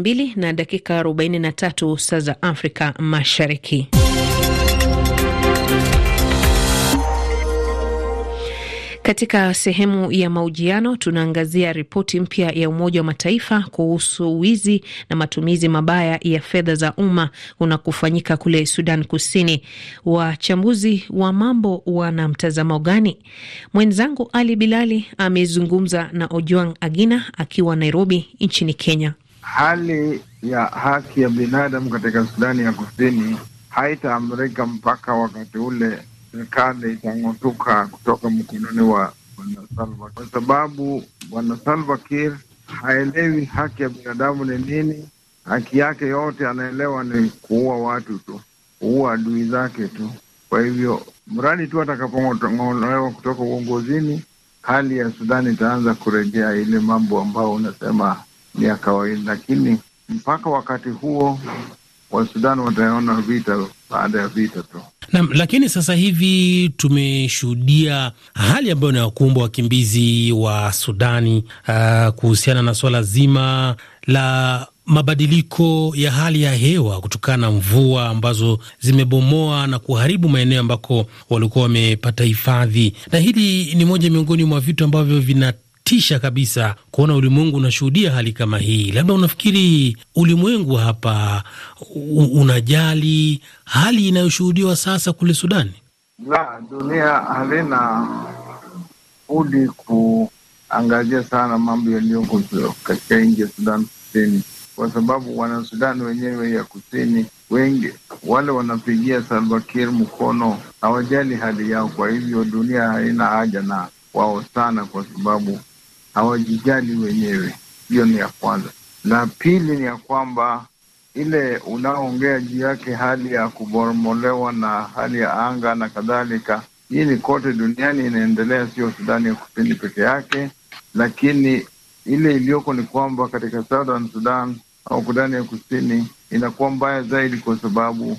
mbili na dakika 43 saa za Afrika Mashariki. Katika sehemu ya mahojiano tunaangazia ripoti mpya ya Umoja wa Mataifa kuhusu wizi na matumizi mabaya ya fedha za umma unakufanyika kule Sudan Kusini. Wachambuzi wa mambo wana mtazamo gani? Mwenzangu Ali Bilali amezungumza na Ojuang Agina akiwa Nairobi nchini Kenya hali ya haki ya binadamu katika Sudani ya Kusini haitaamrika mpaka wakati ule serikali itang'otuka kutoka mkononi wa Bwana Salva, kwa sababu Bwana Salva Kiir haelewi haki ya binadamu ni nini. Haki yake yote anaelewa ni kuua watu tu, kuua adui zake tu. Kwa hivyo mradi tu atakapong'olewa kutoka uongozini, hali ya Sudani itaanza kurejea ile mambo ambayo unasema ya kawaida, lakini mpaka wakati huo Wasudani wataona vita baada ya vita tu. Naam, lakini sasa hivi tumeshuhudia hali ambayo inawakumbwa wakimbizi wa Sudani uh, kuhusiana na suala zima la mabadiliko ya hali ya hewa kutokana na mvua ambazo zimebomoa na kuharibu maeneo ambako walikuwa wamepata hifadhi, na hili ni moja miongoni mwa vitu ambavyo vina inatisha kabisa kuona ulimwengu unashuhudia hali kama hii. Labda unafikiri ulimwengu hapa unajali hali inayoshuhudiwa sasa kule Sudani? La, dunia halina budi kuangazia sana mambo yaliyoko katika nchi ya Sudan Kusini, kwa sababu wanasudani wenyewe ya kusini wengi wale wanapigia Salva Kiir mkono hawajali hali yao. Kwa hivyo dunia haina haja na wao sana, kwa sababu hawajijali wenyewe. Hiyo ni ya kwanza. La pili ni ya kwamba ile unaoongea juu yake hali ya kubomolewa na hali ya anga na kadhalika, hii ni kote duniani inaendelea, sio Sudani ya kusini peke yake, lakini ile iliyoko ni kwamba katika Southern Sudan au Sudani ya kusini inakuwa mbaya zaidi, kwa sababu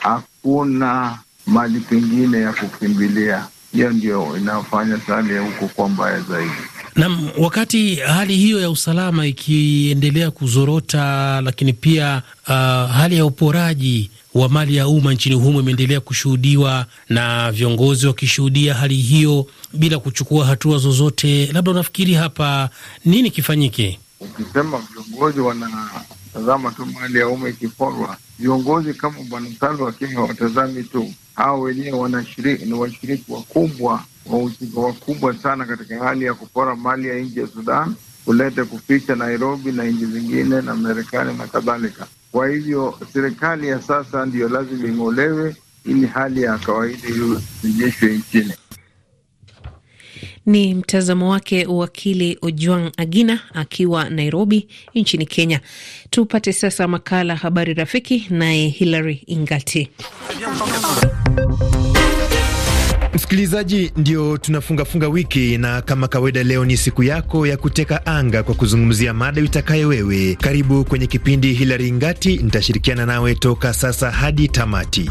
hakuna mali pengine ya kukimbilia hiyo ndio inafanya hali huko kuwa mbaya zaidi. Naam, wakati hali hiyo ya usalama ikiendelea kuzorota, lakini pia uh, hali ya uporaji wa mali ya umma nchini humo imeendelea kushuhudiwa na viongozi wakishuhudia hali hiyo bila kuchukua hatua zozote. Labda unafikiri hapa nini kifanyike? Ukisema viongozi wanatazama tu mali ya umma ikiporwa, viongozi kama Bwana Salu akiwa watazami tu au wenyewe wanashiriki, washiriki wakubwa, wahusika wakubwa sana katika hali ya kupora mali ya nchi ya Sudan, kulete kuficha Nairobi na nchi zingine na Marekani na kadhalika. Kwa hivyo serikali ya sasa ndiyo lazima ing'olewe ili hali ya kawaida irejeshwe nchini. Ni mtazamo wake wakili Ojuang Agina akiwa Nairobi nchini Kenya. Tupate sasa makala Habari Rafiki, naye Hilary Ingati. Msikilizaji, ndio tunafungafunga wiki, na kama kawaida, leo ni siku yako ya kuteka anga kwa kuzungumzia mada itakaye wewe. Karibu kwenye kipindi. Hilari Ngati nitashirikiana nawe toka sasa hadi tamati.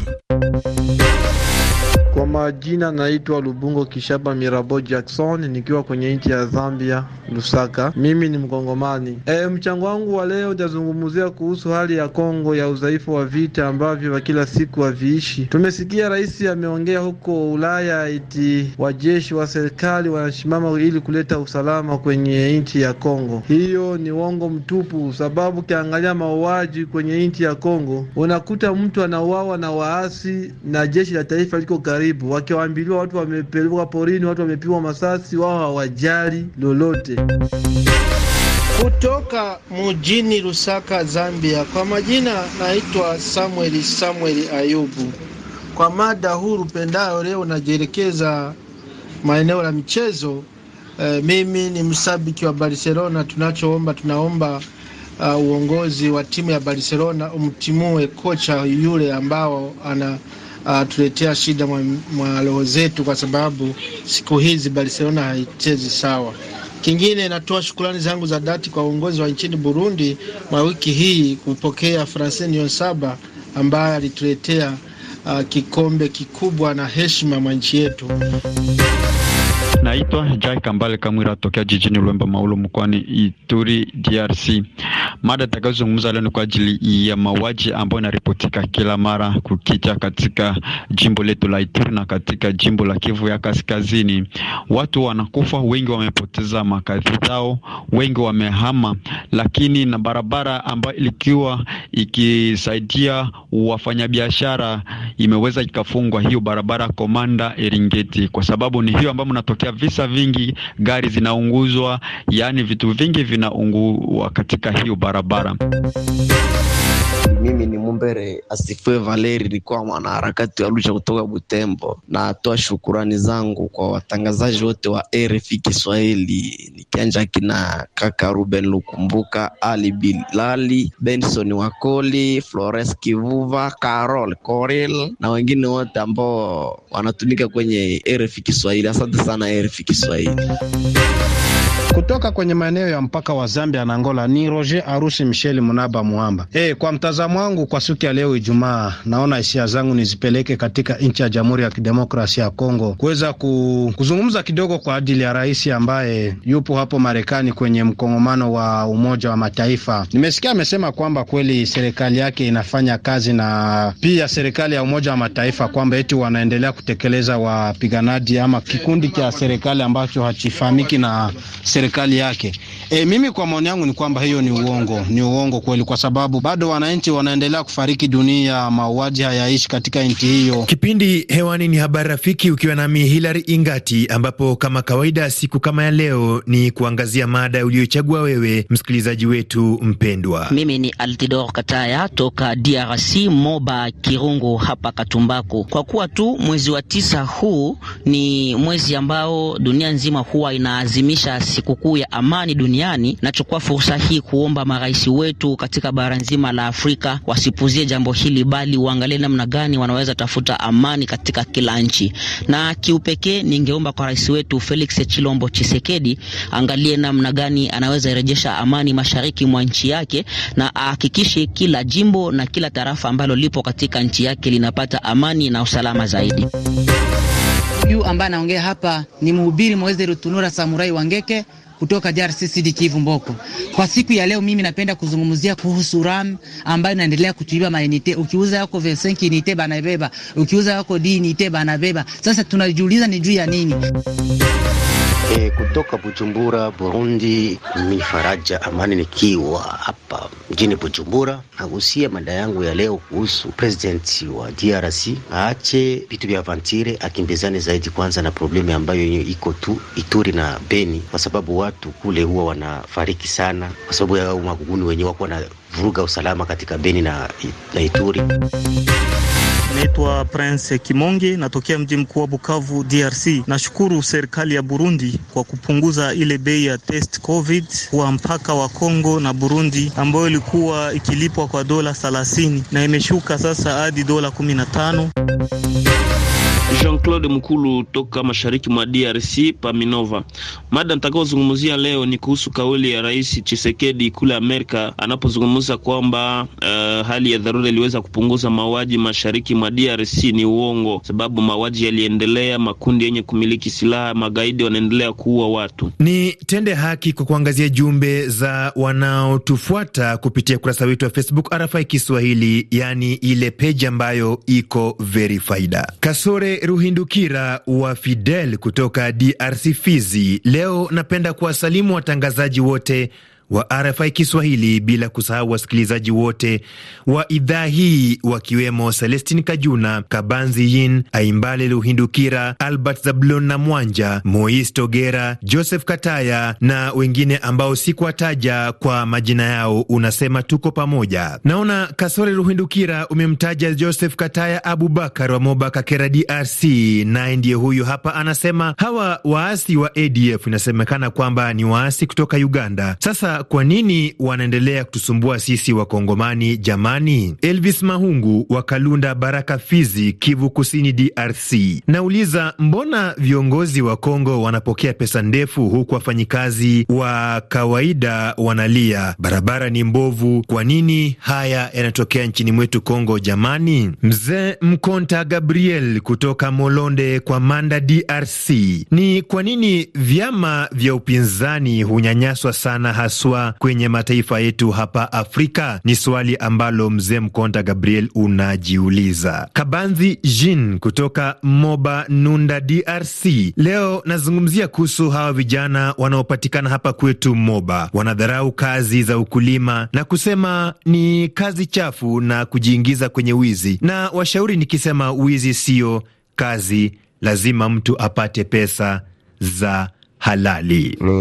Kwa majina naitwa Lubungo Kishaba Mirabo Jackson, nikiwa kwenye nchi ya Zambia, Lusaka. Mimi ni Mkongomani. E, mchango wangu wa leo utazungumzia kuhusu hali ya Kongo ya udhaifu wa vita ambavyo wa kila siku haviishi. Tumesikia rais ameongea huko Ulaya eti wajeshi wa serikali wanasimama ili kuleta usalama kwenye nchi ya Kongo. Hiyo ni uongo mtupu, sababu ukiangalia mauaji kwenye nchi ya Kongo unakuta mtu anauawa na waasi na jeshi la taifa liko karibu karibu, wakiwaambiliwa watu wamepelekwa porini, watu wamepiwa masasi, wao hawajali lolote. Kutoka mjini Lusaka, Zambia, kwa majina naitwa Samuel Samueli Ayubu. Kwa mada huru pendayo leo najielekeza maeneo la michezo. E, mimi ni msabiki wa Barcelona. Tunachoomba, tunaomba uh, uongozi wa timu ya Barcelona umtimue kocha yule ambao ana uh, tuletea shida mwa, roho zetu, kwa sababu siku hizi Barcelona haichezi sawa. Kingine, natoa shukrani zangu za dhati kwa uongozi wa nchini Burundi mwa wiki hii kupokea Francais Niyonsaba ambaye alituletea uh, kikombe kikubwa na heshima mwa nchi yetu. Naitwa Jai Kambale Kamwira tokea jijini Lwemba Maulo mkoani Ituri DRC. Mada takazozungumza leo ni kwa ajili ya mauaji ambayo inaripotika kila mara kukicha katika jimbo letu la Ituri na katika jimbo la Kivu ya Kaskazini. Watu wanakufa wengi, wamepoteza makazi zao, wengi wamehama, lakini na barabara ambayo ilikuwa ikisaidia wafanyabiashara imeweza ikafungwa, hiyo barabara Komanda Eringeti, kwa sababu ni hiyo ambayo mnatokea visa vingi, gari zinaunguzwa, yaani vitu vingi vinaungua katika hiyo barabara. Mimi ni Mumbere Asifiwe Valeri, nilikuwa mwanaharakati wa Lucha kutoka Butembo. Natoa shukurani zangu kwa watangazaji wote wa RFI Kiswahili, nikianja kina kaka Ruben Lukumbuka, Ali Bilali, Benson Wakoli, Flores Kivuva, Carol Coril na wengine wote ambao wanatumika kwenye RFI Kiswahili. Asante sana RFI Kiswahili kutoka kwenye maeneo ya mpaka wa Zambia na Angola ni Roger Arusi Michel Munaba Muamba. E, kwa mtazamo wangu kwa siku ya leo Ijumaa, naona hisia zangu nizipeleke katika nchi ya Jamhuri ya Kidemokrasia ya Kongo kuweza ku, kuzungumza kidogo kwa ajili ya rais ambaye yupo hapo Marekani kwenye mkongomano wa Umoja wa Mataifa. Nimesikia amesema kwamba kweli serikali yake inafanya kazi na pia serikali ya Umoja wa Mataifa kwamba eti wanaendelea kutekeleza wapiganaji ama kikundi cha serikali ambacho hakifahamiki na serikali serikali yake E, mimi kwa maoni yangu ni kwamba hiyo ni uongo, ni uongo kweli, kwa sababu bado wananchi wanaendelea kufariki dunia, mauaji hayaishi katika nchi hiyo. Kipindi hewani ni habari rafiki, ukiwa nami Hilary Ingati, ambapo kama kawaida siku kama ya leo ni kuangazia mada uliyochagua wewe msikilizaji wetu mpendwa. Mimi ni Altidor Kataya toka DRC, Moba Kirungu hapa Katumbaku. Kwa kuwa tu mwezi wa tisa huu ni mwezi ambao dunia nzima huwa inaazimisha sikukuu ya amani dunia duniani. Nachukua fursa hii kuomba marais wetu katika bara nzima la Afrika wasipuzie jambo hili, bali waangalie namna gani wanaweza tafuta amani katika kila nchi, na kiupekee ningeomba kwa rais wetu Felix Chilombo Chisekedi angalie namna gani anaweza rejesha amani mashariki mwa nchi yake na ahakikishe kila jimbo na kila tarafa ambalo lipo katika nchi yake linapata amani na usalama zaidi. Huyu ambaye anaongea hapa ni mhubiri Mweze Rutunura Samurai Wangeke kutoka DRC Sud Kivu Mboko. Kwa siku ya leo mimi napenda kuzungumzia kuhusu RAM ambayo inaendelea kutuiba mainite. Ukiuza yako 25 inite banabeba, ukiuza yako 10 inite banabeba. Sasa tunajiuliza ni juu ya nini? E, kutoka Bujumbura, Burundi, mifaraja Amani nikiwa hapa mjini Bujumbura, nagusia mada yangu ya leo kuhusu president wa DRC aache vitu vya avantire, akimbizane zaidi kwanza na problemi ambayo iko tu Ituri na Beni, kwa sababu watu kule huwa wanafariki sana kwa sababu ya maguguni wenyewe wako wanavuruga usalama katika Beni na, na Ituri Naitwa Prince Kimonge, natokea mji mkuu wa Bukavu, DRC. Nashukuru serikali ya Burundi kwa kupunguza ile bei ya test covid kwa mpaka wa Kongo na Burundi, ambayo ilikuwa ikilipwa kwa dola 30 na imeshuka sasa hadi dola 15. Jean-Claude Mkulu toka mashariki mwa DRC Paminova. Mada nitakayozungumzia leo ni kuhusu kauli ya Rais chisekedi kule Amerika anapozungumza kwamba uh, hali ya dharura iliweza kupunguza mauaji mashariki mwa DRC ni uongo, sababu mauaji yaliendelea, makundi yenye kumiliki silaha, magaidi wanaendelea kuua watu. Ni tende haki kwa kuangazia jumbe za wanaotufuata kupitia kurasa wetu wa Facebook RFI Kiswahili, yaani ile peji ambayo iko verified. Kasore Ruhindukira wa Fidel kutoka DRC Fizi. Leo napenda kuwasalimu watangazaji wote wa RFI Kiswahili, bila kusahau wasikilizaji wote wa idhaa hii wakiwemo Celestin Kajuna, Kabanzi Yin, Aimbale Luhindukira, Albert Zablon na Mwanja, Mois Togera, Joseph Kataya na wengine ambao sikuwataja kwa majina yao. Unasema tuko pamoja. Naona Kasore Luhindukira umemtaja Joseph Kataya Abubakar wa Moba Kakera, DRC, naye ndiye huyu hapa anasema hawa waasi wa ADF inasemekana kwamba ni waasi kutoka Uganda. Sasa kwa nini wanaendelea kutusumbua sisi Wakongomani jamani? Elvis Mahungu wa Kalunda, Baraka, Fizi, Kivu Kusini, DRC, nauliza mbona viongozi wa Kongo wanapokea pesa ndefu huku wafanyikazi wa kawaida wanalia, barabara ni mbovu. Kwa nini haya yanatokea nchini mwetu Kongo jamani? Mzee Mkonta Gabriel kutoka Molonde kwa Manda, DRC, ni kwa nini vyama vya upinzani hunyanyaswa sana haswa haswa kwenye mataifa yetu hapa Afrika? Ni swali ambalo mzee Mkonda Gabriel unajiuliza. Kabanzi Jean kutoka Moba Nunda, DRC, leo nazungumzia kuhusu hawa vijana wanaopatikana hapa kwetu Moba, wanadharau kazi za ukulima na kusema ni kazi chafu na kujiingiza kwenye wizi, na washauri nikisema wizi siyo kazi, lazima mtu apate pesa za halali. Ni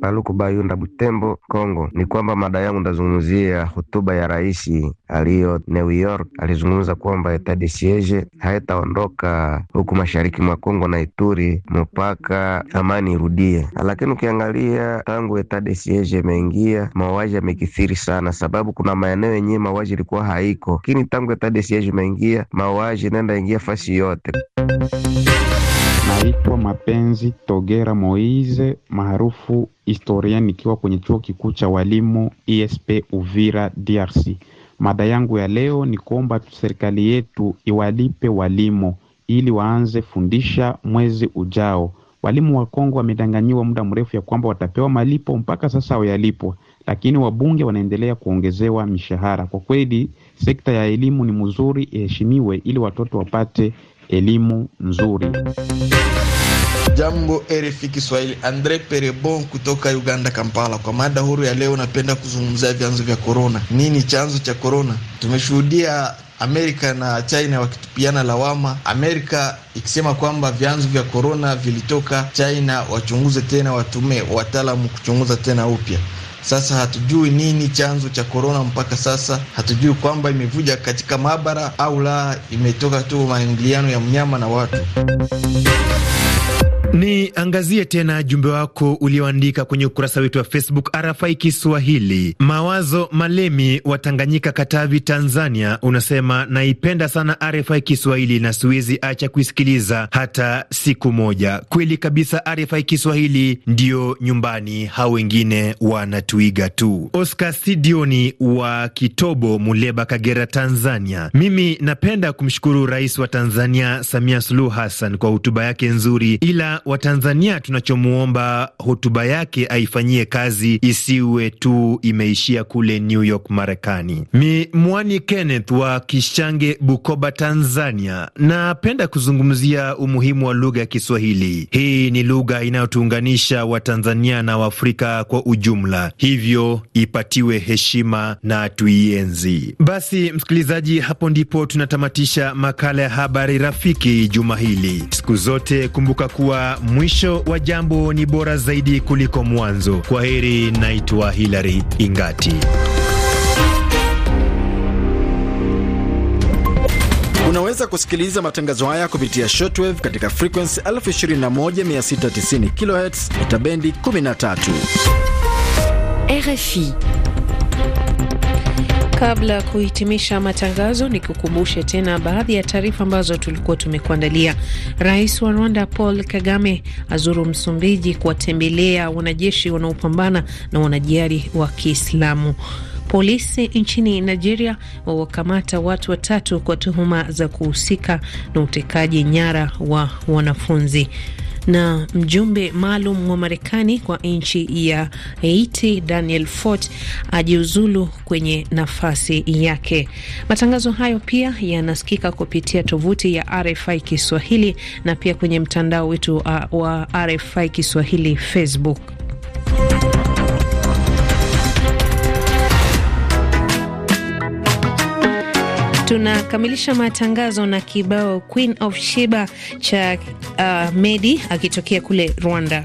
Paluku Bayunda Butembo, Kongo. Ni kwamba mada yangu ndazungumzia hotuba ya rais aliyo New York. Alizungumza kwamba etat de siege haitaondoka huku mashariki mwa Kongo na Ituri mpaka amani irudie, lakini ukiangalia tangu etat de siege imeingia mauaji yamekithiri sana, sababu kuna maeneo yenyewe mauaji ilikuwa haiko, lakini tangu etat de siege imeingia mauaji inaenda ingia fasi yote Naitwa Mapenzi Togera moise maarufu Historia, nikiwa kwenye chuo kikuu cha walimu ISP e Uvira, DRC. Mada yangu ya leo ni kuomba serikali yetu iwalipe walimu ili waanze fundisha mwezi ujao. Walimu wa Kongo wamedanganyiwa muda mrefu ya kwamba watapewa malipo, mpaka sasa hawayalipwa, lakini wabunge wanaendelea kuongezewa mishahara. Kwa kweli sekta ya elimu ni mzuri, iheshimiwe ili watoto wapate elimu nzuri. Jambo RFI Kiswahili, Andre Perebon kutoka Uganda, Kampala. Kwa mada huru ya leo, napenda kuzungumzia vyanzo vya korona. Nini chanzo cha korona? Tumeshuhudia Amerika na China wakitupiana lawama, Amerika ikisema kwamba vyanzo vya korona vilitoka China, wachunguze tena, watume wataalamu kuchunguza tena upya sasa hatujui nini chanzo cha korona mpaka sasa, hatujui kwamba imevuja katika maabara au la, imetoka tu maingiliano ya mnyama na watu. Niangazie tena jumbe wako ulioandika kwenye ukurasa wetu wa Facebook RFI Kiswahili. Mawazo Malemi wa Tanganyika, Katavi, Tanzania, unasema naipenda sana RFI Kiswahili na siwezi acha kuisikiliza hata siku moja. Kweli kabisa, RFI Kiswahili ndiyo nyumbani, hao wengine wanatuiga tu. Oscar Sidioni wa Kitobo, Muleba, Kagera, Tanzania, mimi napenda kumshukuru Rais wa Tanzania Samia Suluhu Hassan kwa hotuba yake nzuri, ila wa Watanzania tunachomwomba hotuba yake aifanyie kazi, isiwe tu imeishia kule New York Marekani. Mi Mwani Kenneth wa Kishange, Bukoba, Tanzania. Napenda kuzungumzia umuhimu wa lugha ya Kiswahili. Hii ni lugha inayotuunganisha Watanzania na Waafrika kwa ujumla, hivyo ipatiwe heshima na tuienzi. Basi msikilizaji, hapo ndipo tunatamatisha makala ya habari rafiki juma hili. Siku zote kumbuka kuwa mwisho wa jambo ni bora zaidi kuliko mwanzo. Kwa heri, naitwa Hilary Ingati. Unaweza kusikiliza matangazo haya kupitia shortwave katika frequency 21690 kHz itabendi 13 RFI. Kabla ya kuhitimisha matangazo, ni kukumbushe tena baadhi ya taarifa ambazo tulikuwa tumekuandalia. Rais wa Rwanda Paul Kagame azuru Msumbiji kuwatembelea wanajeshi wanaopambana na wanajihadi wa Kiislamu. Polisi nchini Nigeria wawakamata watu watatu kwa tuhuma za kuhusika na utekaji nyara wa wanafunzi. Na mjumbe maalum wa Marekani kwa nchi ya Haiti Daniel Fort ajiuzulu kwenye nafasi yake. Matangazo hayo pia yanasikika kupitia tovuti ya RFI Kiswahili na pia kwenye mtandao wetu uh, wa RFI Kiswahili Facebook. Tunakamilisha matangazo na kibao Queen of Sheba cha uh, Medi akitokea kule Rwanda.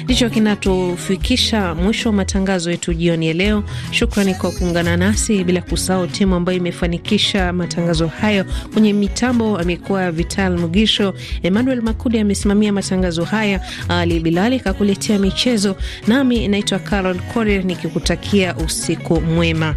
ndicho kinatufikisha mwisho wa matangazo yetu jioni ya leo. Shukrani kwa kuungana nasi, bila kusahau timu ambayo imefanikisha matangazo hayo. Kwenye mitambo amekuwa Vital Mugisho, Emmanuel Makudi amesimamia matangazo haya, Ali Bilali kakuletea michezo, nami naitwa Carol core nikikutakia usiku mwema.